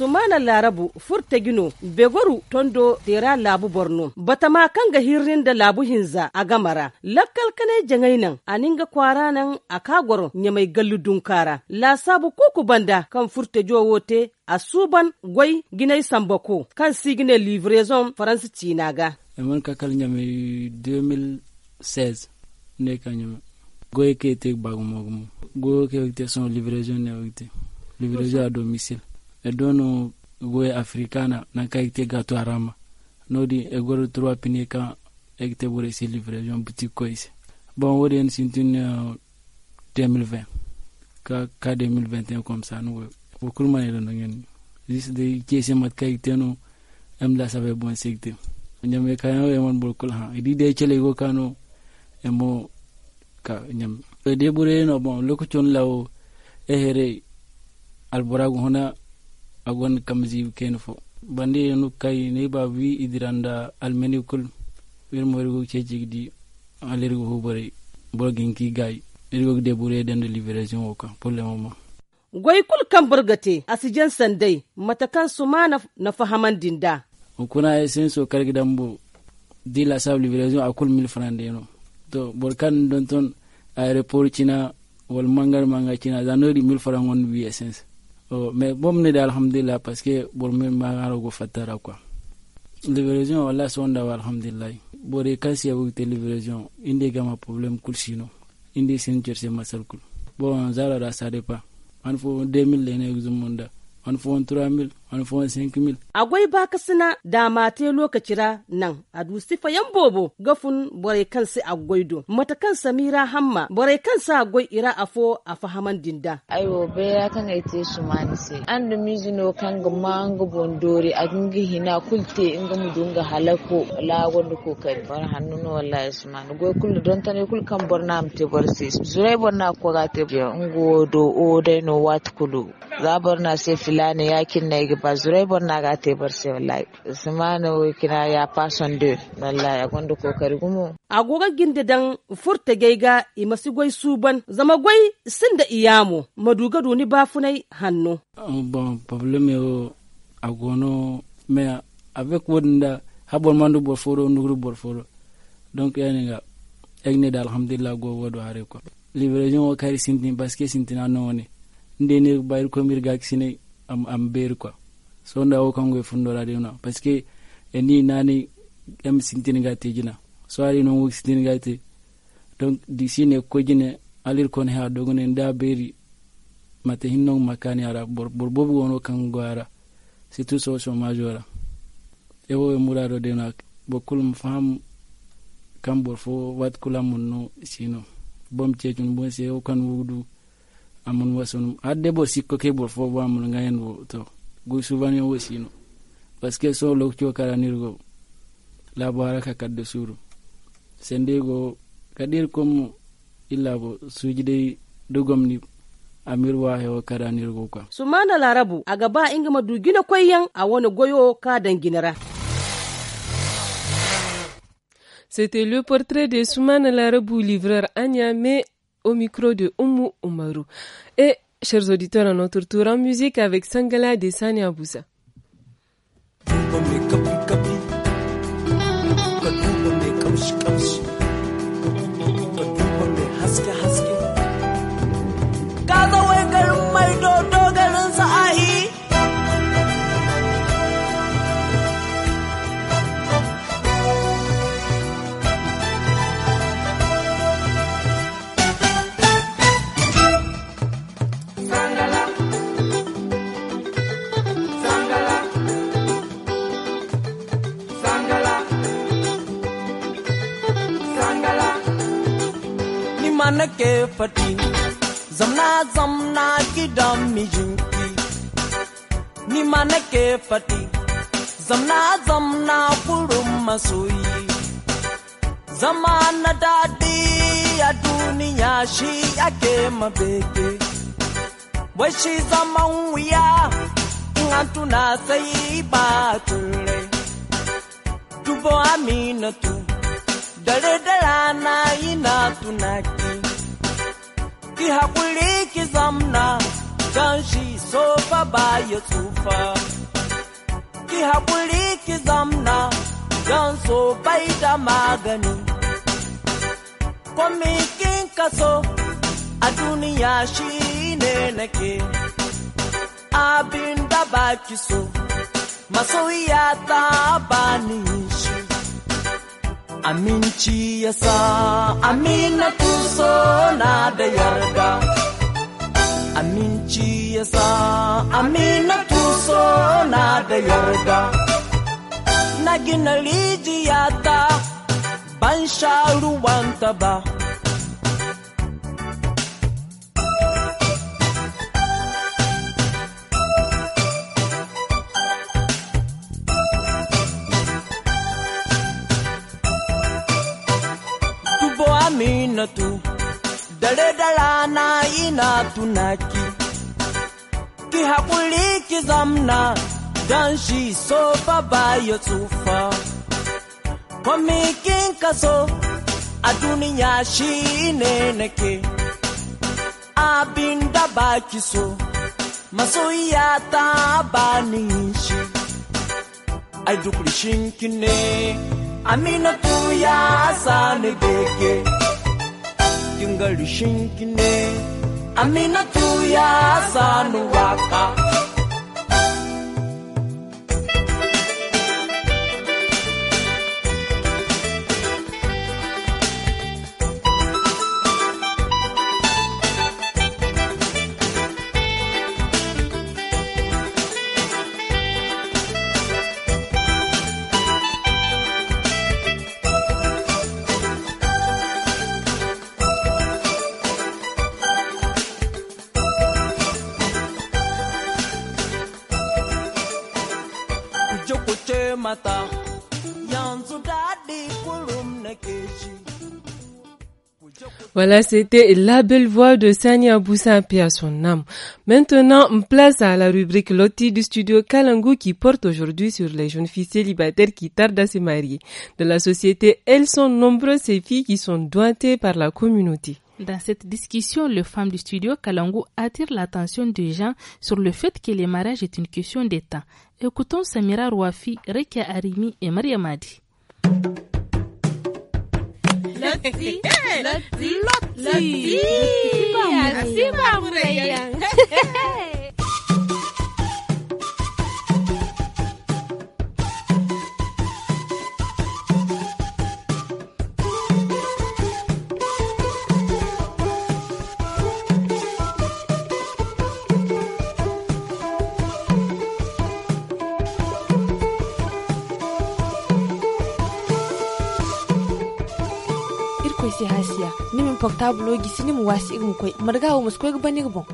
S1: sumana larabu furta gino
S16: begoru tondo dera labu borno batama kanga hirin da labu hinza a gamara lakkal kane jangainan aninga kwara nan a kagoro nyamai gallu dunkara la sabu kuku banda kan furta jowote a suban gwai ginai sambako kan sigine livraison faransi cinaga
S17: ka kal nyamai 2016 ne ka nyamai goy ke te bagumo gumo goy ke te son livraison ne wite livraison a domicile e dono goye africana nanka yekite gato arama nodi e goro trois pine kan yekite wore isi livraison boutique ko bon wode en sintin uh, 2020 ka ka 2021 comme ça no wokurman e dono ngen juste de kiesi mat ka yekite no em la sabe bon sekte nyam e kayo e man bol kul ha idi de chele go kano e ka nyam e de bure no bon lokocon lawo e here hona agon kamzi ken fo bande no kay ne ba wi idiranda almeni kul wir morigo ke jigdi alirgo ah, hubare gin ki gay irgo de bure den de liberation o kan pour le moment
S16: goy kul kan burgate asijan sandai matakan su ma na fahaman dinda
S17: kuna sen so gidan dambo di la sab liberation a kul mil de no to kan don ton aéroport cina wal mangal manga cina zanori mil on wi essence Oh, mais bom ne da alhamdulillah parce que bor min ma ngaro go fatara quoi libération wala sonda wa alhamdulillah bore kasi ya wugte libération inde gama problème kulsino inde sin cerse masal kul bon zara da sade pa an fo 2000 lene exumunda an fo 3000 Agwai
S16: ba suna da mate lokacira nan a dusifa yan bobo gafun bore a agwai do mata kan samira hamma bore kansa agwai ira afo a fahaman dinda. Aiwo bera kan ite su mani se. An da mizino kan ga mangu bondori a gungi hina kulte in ga mudunga halako la ko kokari. Bar hannu na ya su mani. Gwai kullu don ta ne kul kan na amte bar se. Zurai borna ko ga te biya. Ngo do o dai no wat kulu. Zabar na se filani yakin na bazurai na ga te bar se wallahi usmana kina ya fason de wallahi agondo kokari gumo agoga ginde dan furta gaiga i masu goi suban zama goi sin da iyamu maduga
S17: doni bafunai hannu bon problème o agono me avec wonda habon mandu bor foro nuru bor foro donc ga egne da alhamdulillah go wodo hare ko livraison o kari sintin parce que sintina noni ndene bayr ko mirga kisine am am beer quoi so nda wo kango e fundo ra dina parce que eni nani em sintini ga tejina so ari no wok ga te donc d'ici ne kojine alir kon ha dogone nda beri mate hinno makani ara bor bor bobu wono kango ara surtout so so majora e wo e mura do dina bokul mfam kam bor fo wat kula munno sino bom cecun bon se o kan wudu amun wasunum adde bo sikko ke bor fo bo amun ngayen wo to gu subaniyo wo sino paske so lokcio karanirgo labo haraka kadde suru sendego kadir kom illabo sujidei dugomni amir wahe o karanirgo kwa
S16: sumana larabu agaba gaba dugina koyyan koyan a wani goyo ka
S1: danginara C'était le portrait de Souman Larabou, livreur à Niamey, au micro de Oumu Oumaru. Et Chers auditeurs, on notre tour en musique avec Sangala de Sani
S18: anake fati zamna zamna ki dami jinki ni manake fati zamna zamna purum masui zama na dadi a duniya shi ake mabeke wai shi zaman wuya in an tuna sai ba ture dubo aminatu dare da rana ina tunaki ki haƙuri zamna can sofa ba ya tsufa ki haƙuri ki zamna can so bai da magani kwamikin kaso a duniya shi abin da so masoyiya ta bani aminci ya sa aminatu na da yarda aminci ya sa aminatu na da yarda na gina rijiyata ban sha ta ba na tu dare da na ina tunaki ki haƙuri ki zamna don shi so fa ba ya tsufa komikin kaso a duniya shi ne nake abin da ba ki so masoyiya ta ba ni shi ai duk rishinki ne aminatu ya sani bege Kingali shinkine Amina tuya sanu waka
S1: Voilà, c'était la belle voix de Sania Boussapia, à son âme. Maintenant, place à la rubrique Loti du studio Kalangu qui porte aujourd'hui sur les jeunes filles célibataires qui tardent à se marier. Dans la société, elles sont nombreuses ces filles qui sont dointées par la communauté. Dans cette discussion, le femme du studio Kalangu attire l'attention
S2: des gens sur le fait que les mariage est une question d'État. Écoutons Samira Rouafi, Rekia Arimi et Maria Madi.
S19: si hasiya nimin pokta blogi sini mu wasi igmu koy marga o musko ga bani gbon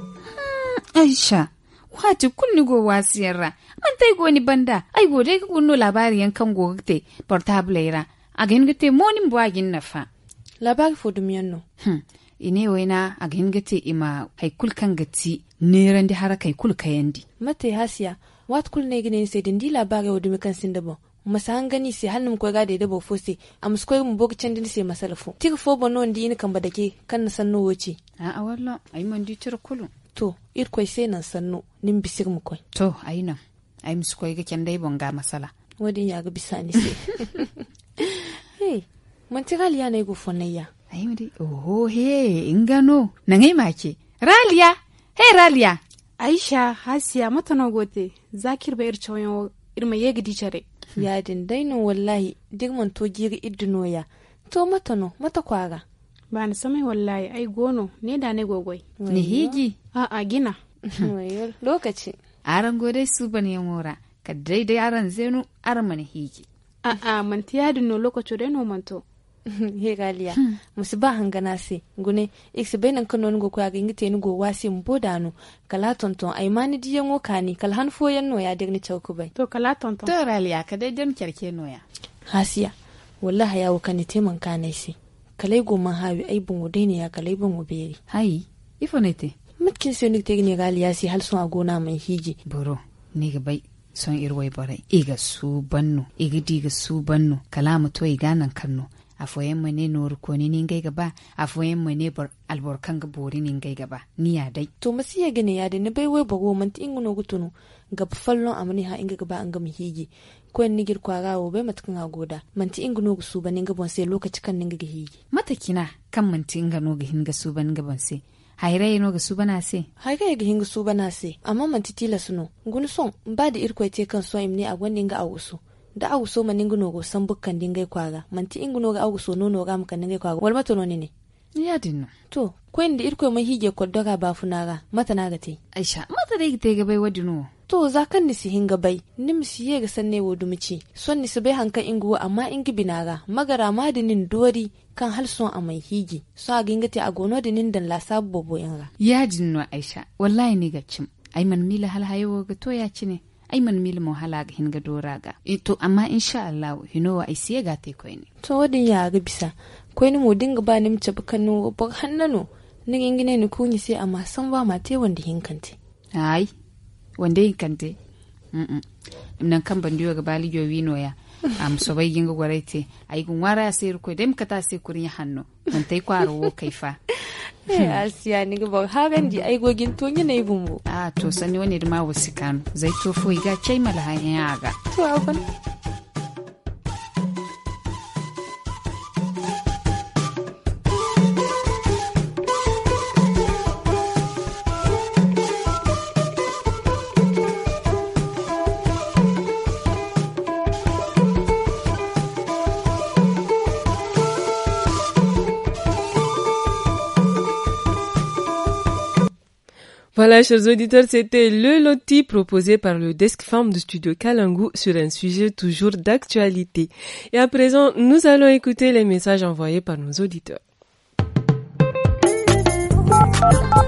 S19: aisha wati kunni go wasiyarra an tai go ni banda ai go dai kunno labari yan kan go te portable ira agin gite monin bo agin nafa labari fo dum yanno hmm. ine waina agin gite ima kai kulkan gati neran di har kai kulkayandi
S9: mate hasiya wat kul ne gine sai labari o dum kan sindabo masahangani se halnum ko gade de bo fose am skoy mu bok chandin se masalfo tig fo bo
S19: non ni kamba dake kan na sanno woci a ah, a walla ay man di tir kulu to ir koy se nan sanno nim bisir mu koy to ay ay mu ga chandai bonga masala wadi ya ga bisani se hey man tigal ya nay go fonayya ay mu di oho he ingano nan ay make raliya hey raliya aisha hasiya matano gote zakir ba ir irma yegi dicare
S9: yadin dainin wallahi dirman to giri idinoya to mata no mata kwara
S2: ba ni samai wallahi ai gono ne da ne gogoi ni higi
S19: a a gina lokaci aran gode su bane mora ka daidai aran zenu aran mana higi a a mantiya dinno lokaci da no manto hegaliya
S9: musu ba hangana se gune ikse benan kano nugo ko yaga ingite nugo wasi mbodanu kala tonton ay mani diye ngo kani kala han fo yan no ya degni chawku bai to kala tonton to raliya ka dai
S19: dem kerke no ya
S9: hasiya wallahi ya wakani teman kanai se kalai go man hawi ai bungo dai ne ya kalai bungo beri hai ifo ne te
S19: mitkin se ni tegni galiya si hal sun agona man hiji boro ni ga bai son irwai barai iga su bannu iga diga su bannu kalamu mu to iganan kanno a mane nor koni ne gai gaba a mane bor alborkan ga bori nin gai gaba ni ya dai to ya gani ya da
S9: ni bai wai go mun ti ingono gutunu ga fallon amani ha inga gaba an ga higi ko ni
S19: gir kwara gawo bai matkan agoda man ti ingono gusu ba ninga bonse lokaci kan ninga ga higi matakina kan mun ti ingano ga hinga su ban ga bonse haira yi ga su bana se haira ga hinga su
S9: bana se amma man ti suno gun ba da irkwai te kan so imni a gwanin ga wasu. da agu so man ningu nogo sambuk kan dingai kwaga manti ingu noga agu so no noga kan dingai kwaga wal mato noni ne ya dinna to ko inda irko mai hige koddoga ba funaga mata ga te aisha mata dai te gabai wadino to za kan ni si hinga bai nim si ye ga sanne wo dumici son ni su bai hankan ingu amma ingi binaga magara madinin dori kan hal son a mai
S19: hige so a ginga te a gono dinin dan la bo bobo yanga ya dinna aisha wallahi ni cim. ai man mila hal hayo ga to ya ci ne ai man mil mo halaga hinga doraga e to amma insha Allah wa ai siya ga te ni.
S9: to din ya ga bisa koyni mo dinga ba nim ce no ba hannano ni gingine ni kunyi sai amma san ba mate wanda hinkante
S19: ai wanda hinkante mm -mm. nan kan ban ga bali yo wino ya am so bai ginga te ai gun wara sai ko dem kata sai kurin hannu man tai kwaro kai fa. Eh, asianigbo habendi aigogin tonyina ibumbu a ah, to sani wani rima wasikano zaitofo iga chaimala hanyaga to abon
S1: Voilà, chers auditeurs, c'était le loti proposé par le desk femme du studio Kalangu sur un sujet toujours d'actualité. Et à présent, nous allons écouter les messages envoyés par nos auditeurs.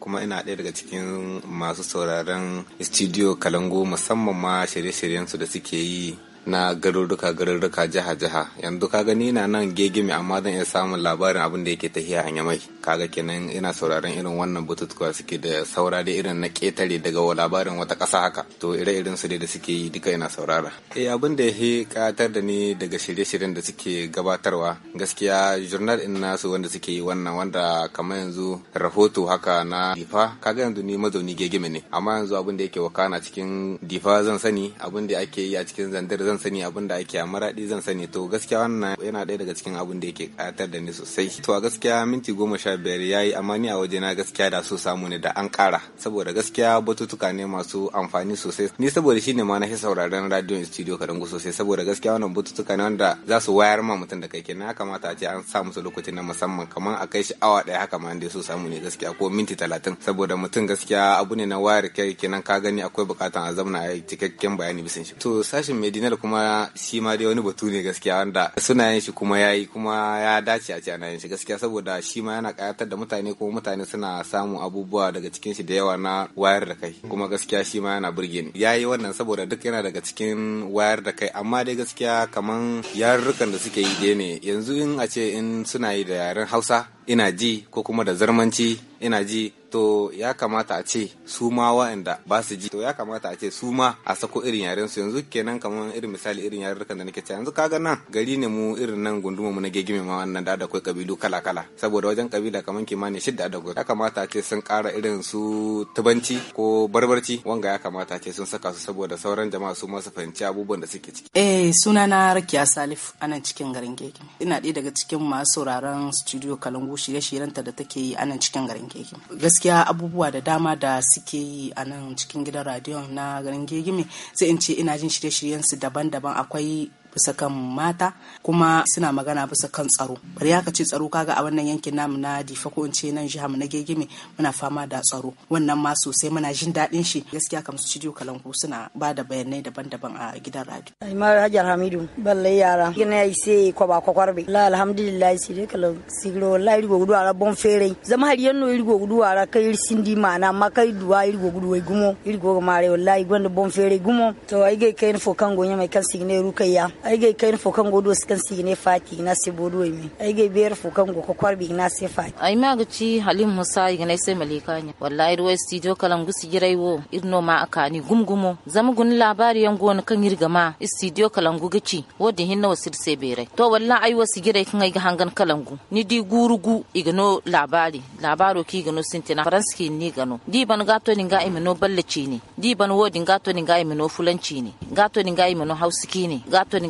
S20: kuma ina ɗaya daga cikin masu sauraron studio kalango musamman ma shirye-shiryensu da suke yi na garuruka garuruka jiha jiha yanzu kaga ni na nan gegime amma zan iya samun labarin abin da yake tafiya a yamai kaga kenan ina sauraron irin wannan bututuwa suke da saurari irin na ketare daga labarin wata ƙasa haka to ire irin su da suke yi duka ina saurara eh abin da ya katar da ni daga shirye-shiryen da suke gabatarwa gaskiya jurnal din nasu wanda suke yi wannan wanda kamar yanzu rahoto haka na difa kaga yanzu ni mazauni gegime ne amma yanzu abin da yake wakana cikin difa zan sani abin da ake yi a cikin zandar zan sani abin da ake a maradi zan sani to gaskiya wannan yana ɗaya daga cikin abin da yake ƙatar da ni sosai to a gaskiya minti goma sha biyar ya yi amma ni a waje na gaskiya da so samu ne da an ƙara saboda gaskiya batutuka ne masu amfani sosai ni saboda shine ma na shi sauraron radio studio kadangu sosai saboda gaskiya wannan batutuka ne wanda za su wayar ma mutum da kai kenan ya kamata a ce an sa musu lokaci na musamman kamar a kai shi awa ɗaya haka ma inda so samu ne gaskiya ko minti talatin saboda mutum gaskiya abu ne na wayar kai kenan ka gani akwai bukatan a zamana a cikakken bayani bisa shi to sashin medinar kuma shi ma dai wani batu ne gaskiya wanda suna yin shi kuma yayi kuma ya dace a ce ana yin shi gaskiya saboda shi ma yana kayatar da mutane kuma mutane suna samun abubuwa daga cikin shi da yawa na wayar da kai kuma gaskiya shi ma yana burge ni yayi wannan saboda duk yana daga cikin wayar da kai amma dai gaskiya kaman yarurrukan da suke yi dai ne yanzu in a ce in suna yi da yaren Hausa ina ji ko kuma da zarmanci ina ji to ya kamata a ce su ma wa'anda ba su ji to ya kamata a ce su ma a sako irin yaren su yanzu kenan kamar irin misali irin yarurrukan da nake cewa yanzu kaga nan gari ne mu irin nan gunduma mu na gegime ma wannan da da akwai kabilu kala kala saboda wajen kabila kamar kimanin shidda da ya kamata a ce sun kara irin su tubanci ko barbarci wanga ya kamata a ce sun saka su saboda sauran jama'a su ma su fahimci abubuwan da suke ciki
S16: eh na Rakiya Salif anan cikin garin gegime ina ɗaya daga cikin masu sauraron studio Kalangu shirye ta da take yi anan cikin garin gegime gaskiya abubuwa da dama da suke yi a nan cikin gidan radiyon na garin gegime sai in ce ina jin shirye-shiryen su daban-daban akwai bisa kan mata kuma suna magana bisa kan tsaro bari haka ce tsaro kaga a wannan yankin namu na difa ko in ce nan jiha mu na gegime muna fama da tsaro wannan ma sosai muna jin daɗin shi gaskiya kamar su cidiyo kalanku suna ba da bayanai daban-daban a gidan radio.
S4: Aimar Hajar Hamidu balle yara gina ya ise kwaba kwakwarbe la alhamdulillah shi dai kala sigiro la irgo gudu ara bon fere zama har yanno irgo gudu ara kai sindi mana ma kai duwa irgo gudu wai gumo mare wallahi gwanda bon fere gumo to ai ga kai fo kan gonya mai kan signe kai ya kai fo kan godo skan si ne fati na se bodo mi aige ber kan go ko kwarbi na se fati
S16: ai ma ci halim musa ga ne sai malika ne wallahi ruwa studio kalam gusi girai wo irno ma aka ni gumgumo zama gun labari yan gona kan yirga ma studio kalam gu gaci wodi hinna wasir se berai to wallahi ai wasi girai kan ai ga hangan gu. ni di gurugu igano labari labaro ki gano sintina franski ni gano di ban gato ni ga balle ci ni di ban wodi gato ni ga imino fulanci ne gato ni ga imino hausiki ne gato ni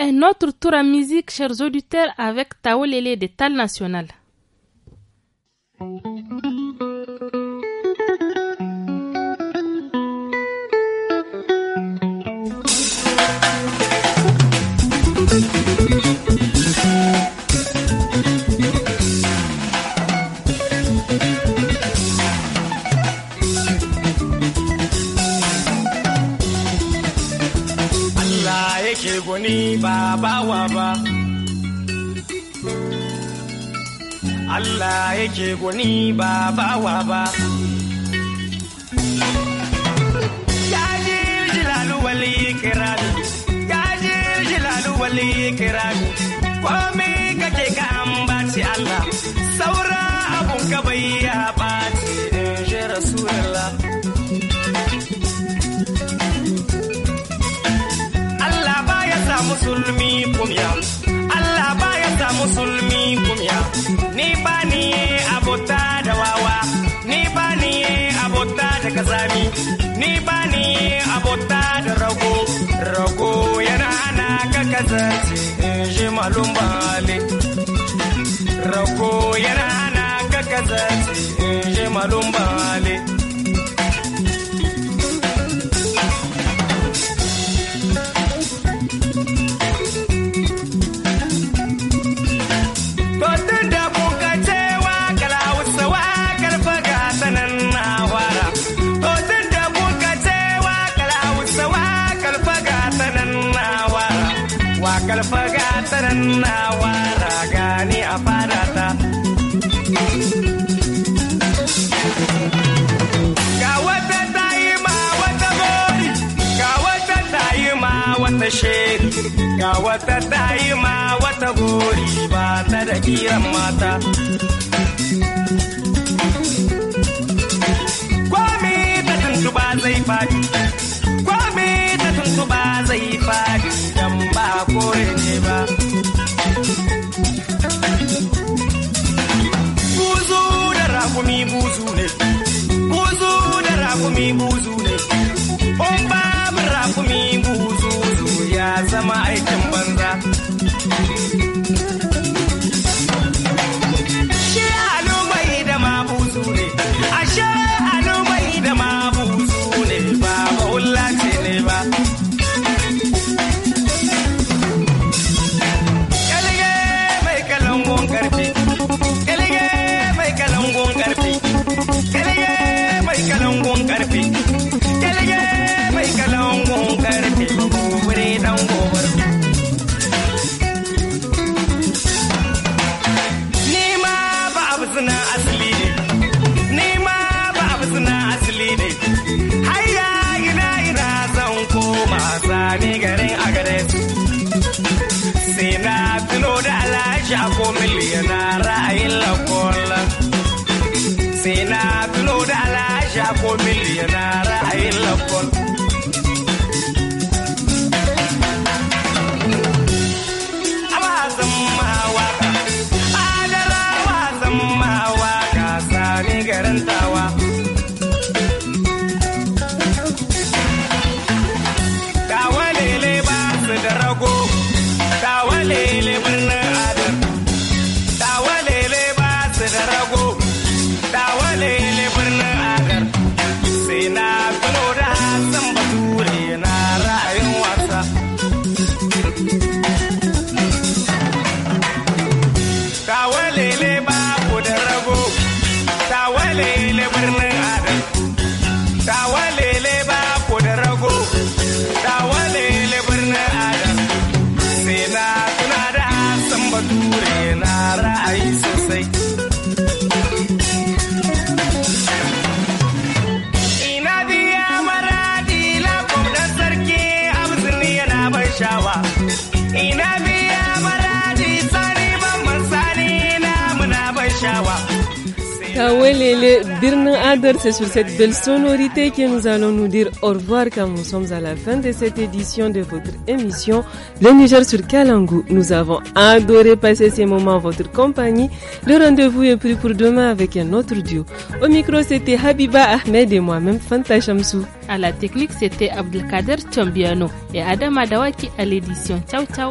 S2: Un autre tour à musique, chers auditeurs, avec Tao Lélé de Tal National.
S21: gwani ba bawa ba. Allah yake gwani ba bawa ba. Ya ji jilalu wali kirani, ya ji jilalu wali kirani, kome kake ka ambaci Allah, saura abun ka bai ya ɓaci in shi Rasulallah. kumya Allah ya sa musulmi kumya ni ba ni abota da wawa ni ba ni abota da kazami ni ba ni abota da rago rago yana ana ka kazance in ji malum bale rago yana ana ka kazance in ji malum bale Ga wata ta yi ma wata gori ba ta da kiran mata. Kwami ta tuntuba zai faɗi.
S1: Le Birna c'est sur cette belle sonorité que nous allons nous dire au revoir car nous sommes à la fin de cette édition de votre émission Le Niger sur Kalangu. Nous avons adoré passer ces moments en votre compagnie. Le rendez-vous est pris pour demain avec un autre duo. Au micro, c'était Habiba Ahmed et moi-même Fanta Chamsou. À la technique, c'était Abdelkader Chambiano et Adam Adawaki à l'édition. Ciao, ciao!